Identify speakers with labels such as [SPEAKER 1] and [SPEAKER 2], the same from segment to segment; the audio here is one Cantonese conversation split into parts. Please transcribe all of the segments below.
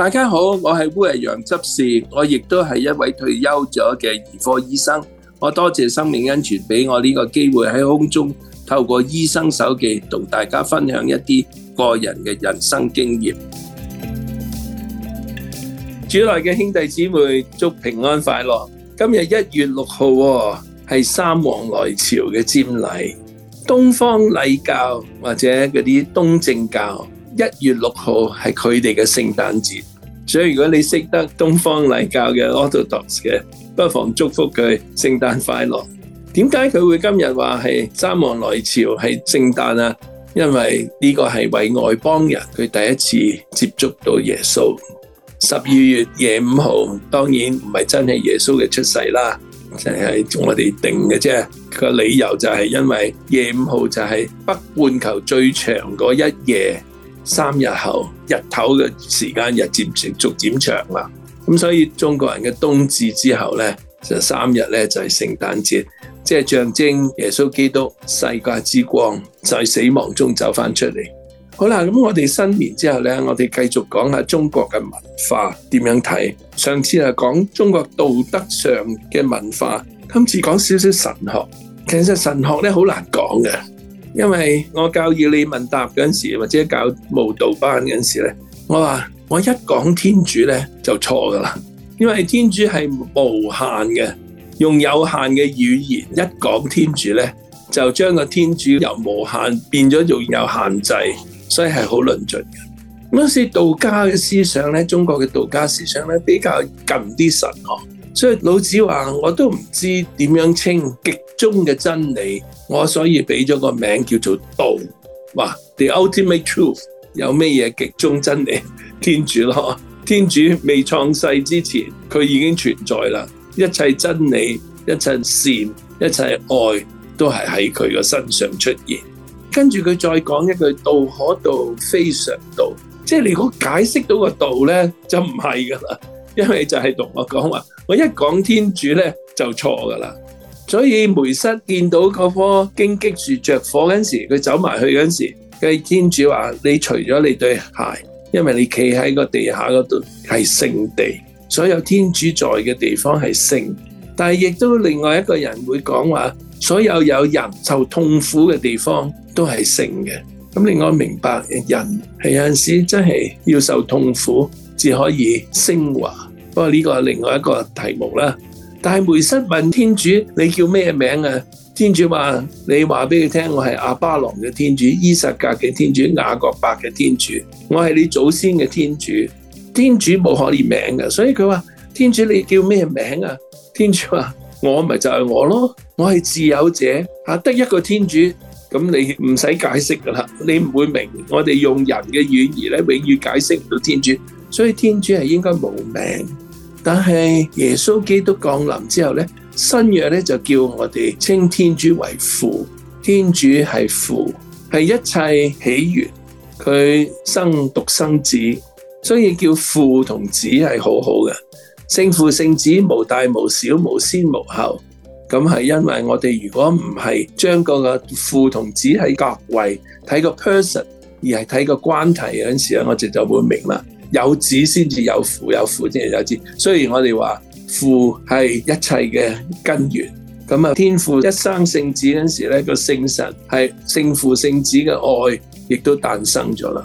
[SPEAKER 1] 大家好，我係烏羊執事，我亦都係一位退休咗嘅兒科醫生。我多謝生命恩泉俾我呢個機會喺空中透過醫生手記同大家分享一啲個人嘅人生經驗。主內嘅兄弟姊妹，祝平安快樂。今日一月六號喎，係三王來朝嘅瞻禮，東方禮教或者嗰啲東正教一月六號係佢哋嘅聖誕節。所以如果你識得東方禮教嘅 Orthodox 嘅，不妨祝福佢聖誕快樂。點解佢會今日話係三王來朝係聖誕啊？因為呢個係為外邦人佢第一次接觸到耶穌。十二月廿五號當然唔係真係耶穌嘅出世啦，係我哋定嘅啫。個理由就係因為廿五號就係北半球最長嗰一夜。三日後日頭嘅時間日漸長，逐漸長啦。咁所以中國人嘅冬至之後呢，就三日呢就係聖誕節，即係象徵耶穌基督世界之光，就係死亡中走返出嚟。好啦，咁我哋新年之後呢，我哋繼續講下中國嘅文化點樣睇。上次係講中國道德上嘅文化，今次講少少神學。其實神學呢好難講嘅。因為我教義理問答嗰陣時，或者教慕道班嗰陣時咧，我話我一講天主咧就錯㗎喇，因為天主係無限嘅，用有限嘅語言一講天主咧，就將個天主由無限變咗做有限制，所以係好論盡嘅。咁時道家嘅思想咧，中國嘅道家思想咧比較近啲神學，所以老子話，我都唔知點樣稱極中嘅真理，我所以俾咗個名叫做道。哇，the ultimate truth 有咩嘢極中真理？天主咯，天主未創世之前，佢已經存在啦。一切真理、一切善、一切愛，都係喺佢嘅身上出現。跟住佢再講一句：道可道，非常道。即係你如果解釋到個道呢，就唔係噶啦。因為就係同我講話，我一講天主咧就錯噶啦，所以梅瑟見到嗰棵荊棘樹着火嗰時，佢走埋去嗰時，係天主話你除咗你對鞋，因為你企喺個地下嗰度係聖地，所有天主在嘅地方係聖，但係亦都另外一個人會講話，所有有人受痛苦嘅地方都係聖嘅，咁令我明白人係有陣時真係要受痛苦。至可以升華，不過呢個係另外一個題目啦。但係梅瑟問天主：你叫咩名啊？天主話：你話俾佢聽，我係阿巴郎嘅天主、伊撒格嘅天主、雅各伯嘅天主，我係你祖先嘅天主。天主冇可以名嘅，所以佢話：天主你叫咩名啊？天主話：我咪就係我咯，我係自有者嚇，得一個天主，咁你唔使解釋噶啦，你唔會明。我哋用人嘅語言咧，永遠解釋唔到天主。所以天主係應該無名，但係耶穌基督降臨之後咧，新約咧就叫我哋稱天主為父。天主係父，係一切起源，佢生獨生子，所以叫父同子係好好嘅。聖父聖子無大無小，無先無後。咁係因為我哋如果唔係將個個父同子喺各位睇個 person，而係睇個關係嗰陣時候，我哋就會明啦。有子先至有父，有父先至有子。雖然我哋話父係一切嘅根源，咁啊天父一生聖子嗰陣時咧，個聖神係聖父聖子嘅愛，亦都誕生咗啦。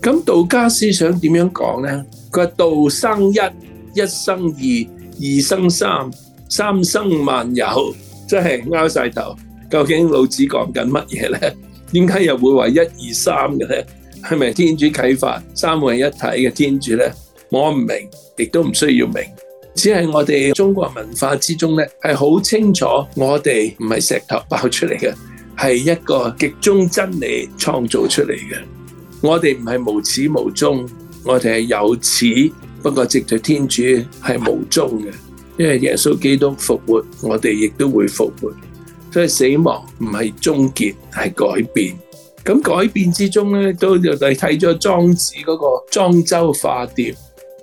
[SPEAKER 1] 咁道家思想點樣講咧？佢話道生一，一生二，二生三，三生萬有。真係拗晒頭，究竟老子講緊乜嘢咧？點解又會話一二三嘅咧？係咪天主啟發，三個人一體嘅天主呢？我唔明，亦都唔需要明。只係我哋中國文化之中呢，係好清楚，我哋唔係石頭爆出嚟嘅，係一個極中真理創造出嚟嘅。我哋唔係無始無終，我哋係有始，不過直到天主係無終嘅，因為耶穌基督復活，我哋亦都會復活。所以死亡唔係終結，係改變。咁改變之中咧，都就係睇咗莊子嗰個莊周化蝶。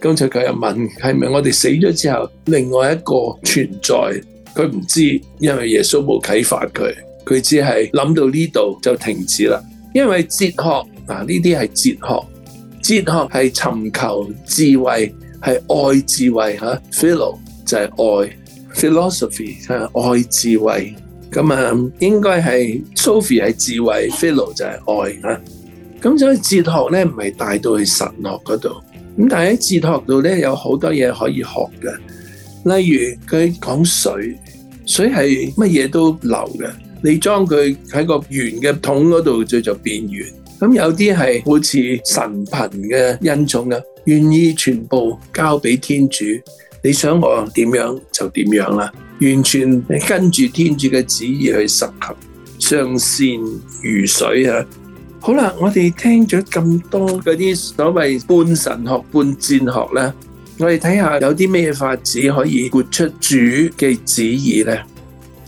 [SPEAKER 1] 剛才佢又問：係咪我哋死咗之後，另外一個存在？佢唔知，因為耶穌冇啟發佢。佢只係諗到呢度就停止啦。因為哲學啊，呢啲係哲學，哲學係尋求智慧，係愛智慧嚇。Philo 就係愛，Philosophy 就係愛智慧。愛咁啊，應該係 Sophie 係智慧，Philo 就係愛啊。咁所以哲學咧唔係帶到去神學嗰度，咁但喺哲學度咧有好多嘢可以學嘅。例如佢講水，水係乜嘢都流嘅。你裝佢喺個圓嘅桶嗰度，叫做變圓。咁有啲係好似神貧嘅恩寵嘅，願意全部交俾天主。你想我點樣就點樣啦。完全跟住天主嘅旨意去實行，上善如水啊！好啦，我哋聽咗咁多嗰啲所謂半神學、半哲學咧，我哋睇下有啲咩法子可以活出主嘅旨意呢？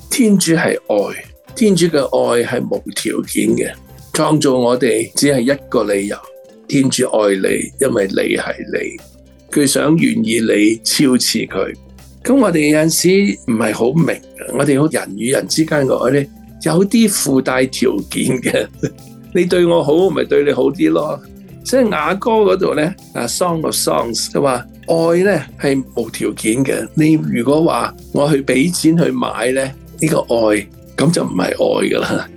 [SPEAKER 1] 天主係愛，天主嘅愛係無條件嘅，創造我哋只係一個理由。天主愛你，因為你係你，佢想願意你肖似佢。咁我哋有陣時唔係好明，我哋好人與人之間嘅愛咧，有啲附帶條件嘅。你對我好，咪對你好啲咯。所以雅歌嗰度咧，《啊 Song of Songs》佢話愛咧係冇條件嘅。你如果話我去俾錢去買咧，呢、這個愛咁就唔係愛噶啦。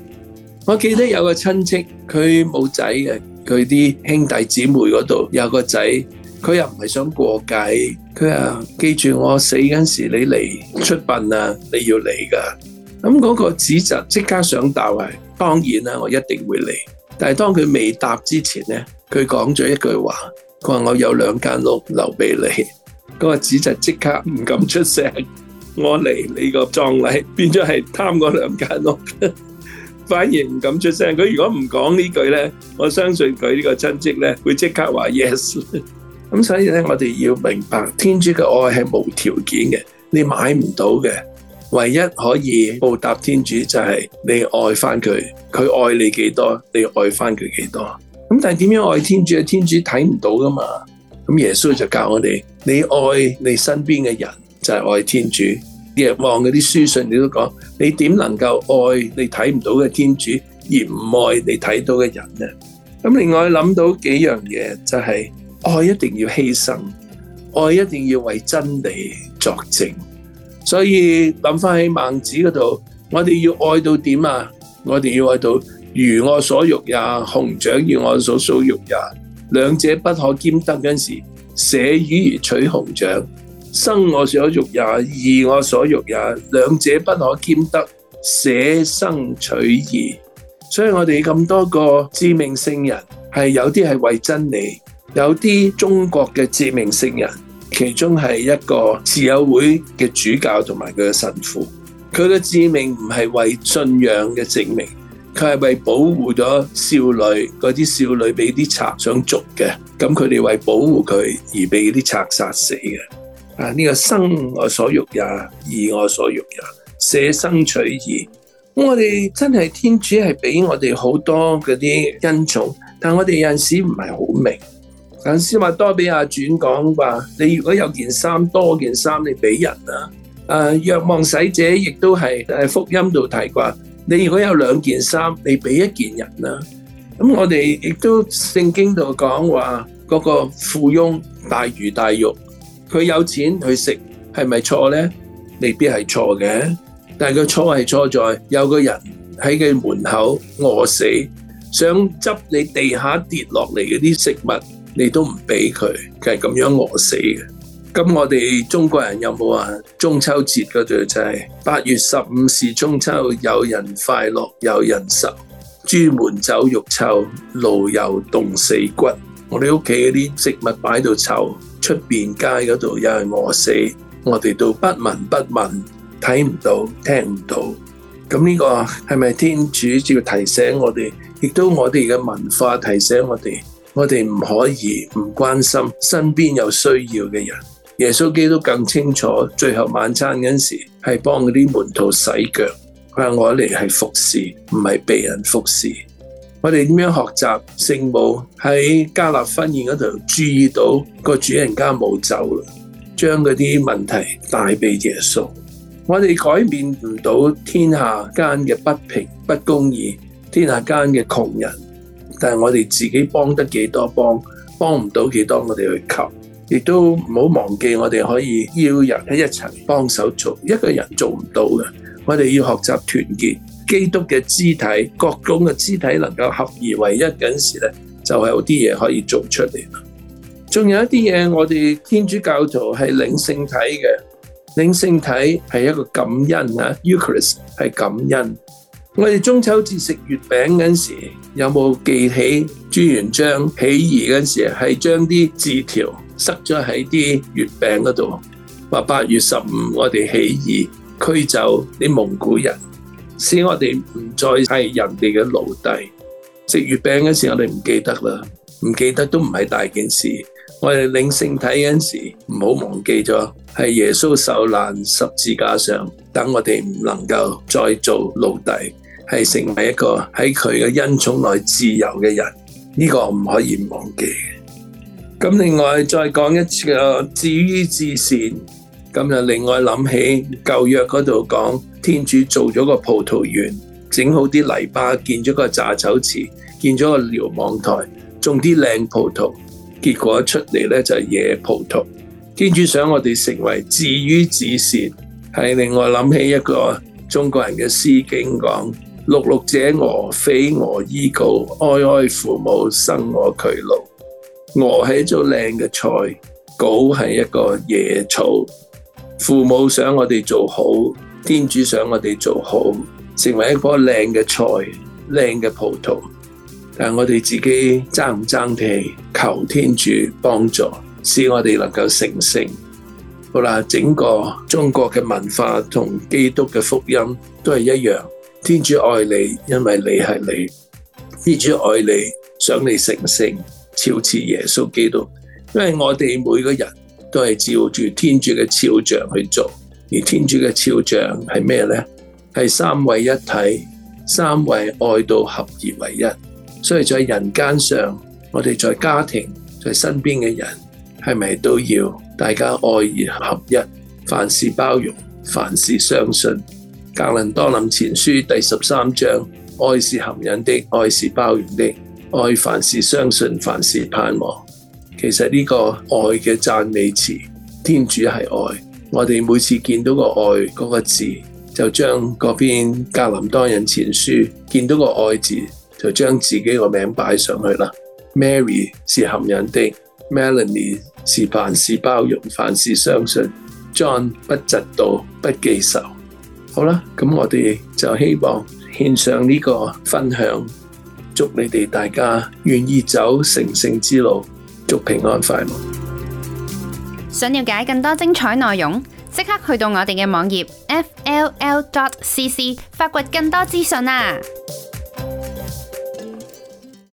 [SPEAKER 1] 我記得有個親戚，佢冇仔嘅，佢啲兄弟姊妹嗰度有個仔。佢又唔係想過繼，佢話，記住我死嗰時你嚟出殯啊，你要嚟噶。咁嗰個子侄即刻想答，係當然啦，我一定會嚟。但係當佢未答之前咧，佢講咗一句話，佢話我有兩間屋留俾你。嗰個子侄即刻唔敢出聲，我嚟你個葬禮變咗係貪嗰兩間屋，反而唔敢出聲。佢如果唔講呢句咧，我相信佢呢個親戚咧會即刻話 yes。咁所以咧，我哋要明白天主嘅愛係無條件嘅，你買唔到嘅，唯一可以報答天主就係你愛翻佢，佢愛你幾多，你愛翻佢幾多。咁但係點樣愛天主？天主睇唔到噶嘛？咁耶穌就教我哋，你愛你身邊嘅人就係、是、愛天主。若望嗰啲書信你，你都講，你點能夠愛你睇唔到嘅天主而唔愛你睇到嘅人呢？咁另外諗到幾樣嘢就係、是。愛一定要犧牲，愛一定要為真理作證。所以諗翻喺孟子嗰度，我哋要愛到點啊？我哋要愛到如我所欲也，熊掌如我所所欲也，兩者不可兼得嗰陣時，捨魚而取熊掌，生我所欲也，義我所欲也，兩者不可兼得，捨生取義。所以我哋咁多個致命聖人，係有啲係為真理，有啲中國嘅致命聖人，其中係一個慈幼會嘅主教同埋佢嘅神父。佢嘅致命唔係為信仰嘅證明，佢係為保護咗少女，嗰啲少女俾啲賊想捉嘅。咁佢哋為保護佢而俾啲賊殺死嘅。啊，呢、呢個生我所欲也，義我所欲也，捨生取義。我哋真係天主係俾我哋好多嗰啲恩寵，但我哋有陣時唔係好明。咁斯麥多俾亞傳講啩，你如果有件衫多件衫，你俾人啦。誒，若望使者亦都係誒福音度提啩，你如果有兩件衫，你俾一件人啦。咁我哋亦都聖經度講話，嗰個富翁大魚大肉，佢有錢去食，係咪錯呢？未必係錯嘅。但係佢錯係錯在有個人喺佢門口餓死，想執你地下跌落嚟嗰啲食物。你都唔俾佢，佢係咁樣餓死嘅。咁我哋中國人有冇話中秋節嗰度就係八月十五是中秋，有人快樂有人愁，朱門酒肉臭，路有凍死骨。我哋屋企嗰啲食物擺到臭，出邊街嗰度有人餓死，我哋都不聞不問，睇唔到聽唔到。咁呢個係咪天主要提醒我哋？亦都我哋嘅文化提醒我哋？我哋唔可以唔關心身邊有需要嘅人，耶穌基督更清楚，最後晚餐嗰時候係幫嗰啲門徒洗腳，佢話我嚟，係服侍，唔係被人服侍。我哋點樣學習聖母喺加納婚宴嗰度注意到個主人家冇酒啦，將嗰啲問題帶給耶穌。我哋改變唔到天下間嘅不平不公義，天下間嘅窮人。但係我哋自己幫得幾多幫，幫唔到幾多，我哋去求，亦都唔好忘記我哋可以要人喺一齊幫手做，一個人做唔到嘅，我哋要學習團結。基督嘅肢體，各宗嘅肢體能夠合而為一嗰時咧，就係有啲嘢可以做出嚟啦。仲有一啲嘢，我哋天主教徒係領聖體嘅，領聖體係一個感恩啊，Eucharist 係感恩。我哋中秋節食月餅嗰時，有冇記起朱元璋起義嗰時，係將啲字條塞咗喺啲月餅嗰度，話八月十五我哋起義驅走啲蒙古人，使我哋唔再係人哋嘅奴隸。食月餅嗰時，我哋唔記得啦，唔記得都唔係大件事。我哋領聖體嗰時，唔好忘記咗，係耶穌受難十字架上，等我哋唔能夠再做奴隸。係成為一個喺佢嘅恩寵內自由嘅人，呢個唔可以忘記。咁另外再講一次，止於至善，咁就另外諗起舊約嗰度講，天主做咗個葡萄園，整好啲泥巴，建咗個榨酒池，建咗個瞭望台，種啲靚葡萄，結果出嚟呢，就係野葡萄。天主想我哋成為止於至善，係另外諗起一個中國人嘅詩經講。蓼蓼者莪，匪莪伊蒿，哀哀父母，生我劬勞。莪係一種靚嘅菜，蒿係一個野草。父母想我哋做好，天主想我哋做好，成為一棵靚嘅菜、靚嘅葡萄。但我哋自己爭唔爭氣，求天主幫助，使我哋能夠成聖。好啦，整個中國嘅文化同基督嘅福音都係一樣。天主愛你，因為你係你；天主愛你，想你成聖，肖似耶穌基督。因為我哋每個人都係照住天主嘅肖像去做，而天主嘅肖像係咩呢？係三位一體，三位愛到合而為一。所以在人間上，我哋在家庭、在身邊嘅人，係咪都要大家愛而合一？凡事包容，凡事相信。《格林多林前書》第十三章，愛是含忍的，愛是包容的，愛凡事相信，凡事盼望。其實呢個愛嘅讚美詞，天主是愛。我哋每次見到個愛嗰個字，就將嗰篇《格林多林前書》見到個愛字，就將自己個名擺上去啦。Mary 是含忍的，Melanie 是凡事包容，凡事相信，John 不嫉妒，不記仇。好啦，咁我哋就希望獻上呢個分享，祝你哋大家願意走成聖之路，祝平安快樂。想了解更多精彩內容，即刻去到我哋嘅網頁 fll.cc，發掘更多資訊啊！